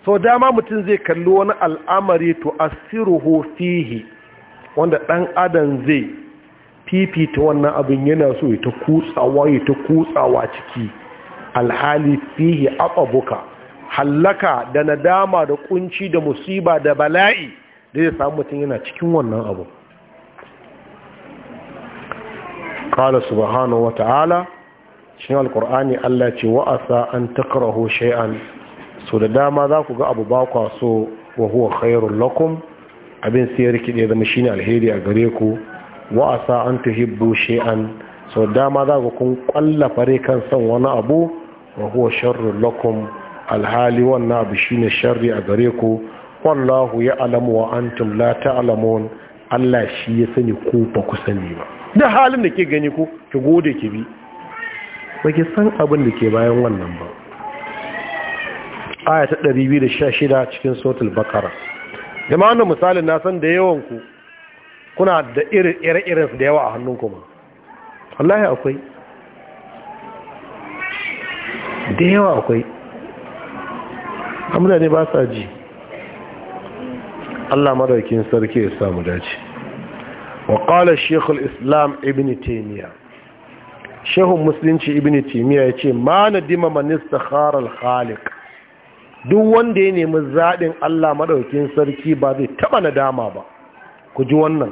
so dama mutum zai kalli wani al'amari to asiruhu fihi wanda ɗan adam zai fifita wannan abin yana so ya ta kutsawa ya ta kutsawa ciki alhali fihi buka hallaka da nadama da kunci da musiba da bala'i da ya samu mutum yana cikin wannan abu qala subhanahu wa ta'ala cikin alkur'ani Allah ce wa'asa an takraho shay'an so da dama za ku ga abu ba kwa so wa huwa khairul lakum abin sai ya rikide ya zama shine alheri a gare ku wa asa an tuhibbu shay'an so dama za ku kun kwalla fare kan son wani abu wa huwa sharrul lakum alhali wannan abu shine sharri a gare ku wallahu ya'lamu wa antum la ta'lamun Allah shi ya sani ku ba ku sani ba da halin da ke gani ku ki gode ki bi ba ki san abin da ke bayan wannan ba aya ta 216 cikin suratul baqara jama'a wannan misalin na san da yawan ku kuna da ire-iren su da yawa a hannun kuma wallahi akwai da yawa akwai amma ne ba sa ji Allah madaukin sarki ya samu dace wa qala shaykh al-islam ibn taymiya shaykh musulunci ibn taymiya yace ma nadima man istakhara al-khaliq duk wanda ya nemi zaɗin Allah maɗaukin sarki ba zai taɓa nadama ba ku ji wannan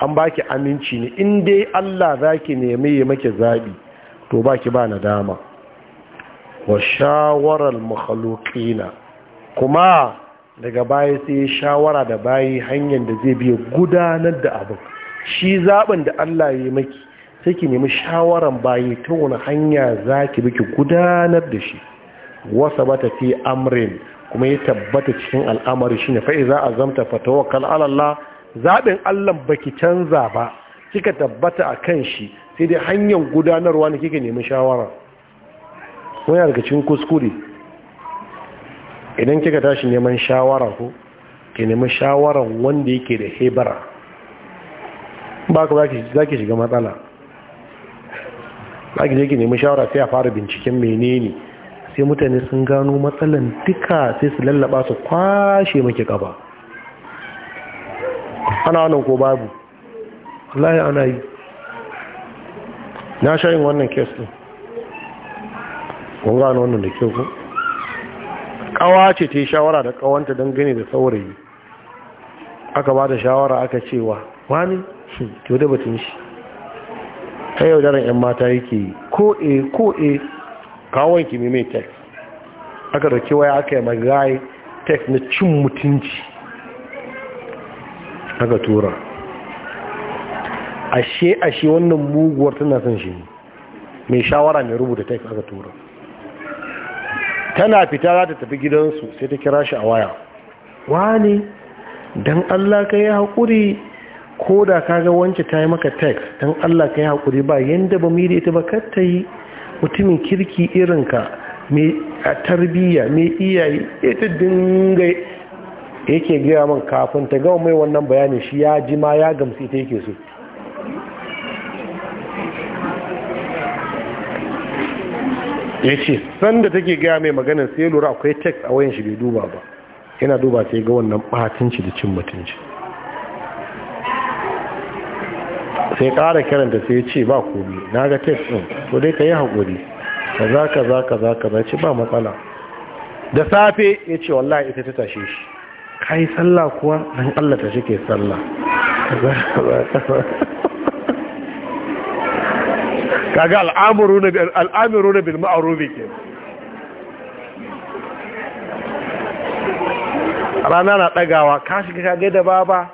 an baki aminci ne in dai Allah za ki nemi ya maki zaɓi to baki ba nadama wa shawarar makhalukina kuma daga baya sai shawara da bayi hanyar da zai biya gudanar da abin shi zaɓin da Allah ya maki sai ki nemi shawarar bayi ta wani hanya za ki biki gudanar da shi wasa bata fi amrin kuma ya tabbata cikin al'amari shi ne fa'i za a zamta fatawakkal alallah zaɓin allah baki canza ba kika tabbata a kan shi sai dai hanyar gudanarwa ne kika nemi shawara wani daga cikin kuskure idan kika tashi neman shawara ko ki nemi shawara wanda yake da hebara ba ka za ki shiga matsala za ki je ki nemi shawara sai a fara binciken menene sai mutane sun gano matsalan duka sai su lallaba su kwashe maki gaba ana wannan ko babu wallahi ana yi na shayin wannan kes din kun gano wannan da kyau ko kawa ce ta yi shawara da kawanta don gani da saurayi aka ba da shawara aka cewa wani shi kyau da batun shi ta yau daren 'yan mata yake ko e ko e kawon ki mai tek aka dauki waya aka yi magayi tek na cin mutunci aka tura ashe ashe wannan muguwar tana son shi mai shawara mai rubuta tek aka tura tana fita za ta tafi gidansu sai ta kira shi a waya wani don allah ka yi haƙuri ko da kaga wance ta yi maka tek don allah ka yi haƙuri ba yadda ba yi da ita ba kar ta yi mutumin kirki irinka mai tarbiyya mai iyaye ita dinga yake gaya min kafin ta gama mai wannan bayanin shi ya ji ma ya gamsu ita yake so ya ce sanda take gaya mai maganin sai lura akwai tek a wayan shi bai duba ba yana duba sai ga wannan batinci da cin mutunci sai ƙara kiranta sai ya ce ba komi na ga tes ɗin to dai ka yi haƙuri ka za ka za ka za ka za ce ba matsala da safe ya ce wallahi ita ta tashe shi ka yi sallah kuwa don allah ta shi ke sallah ka ga al'amuru na bilma'aru ma'ruf ke rana na ɗagawa ka shiga ka gaida baba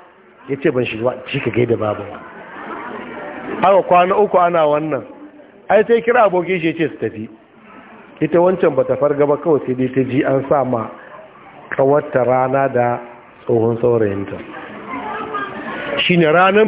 ce ban shiga ba shi ka gaida baba aka kwana uku ana wannan ai sai kira aboki shi ce su tafi ita wancan ba ta farga ba kawai sai dai ta ji an sa ma kawarta rana da tsohon saurayinta shi ne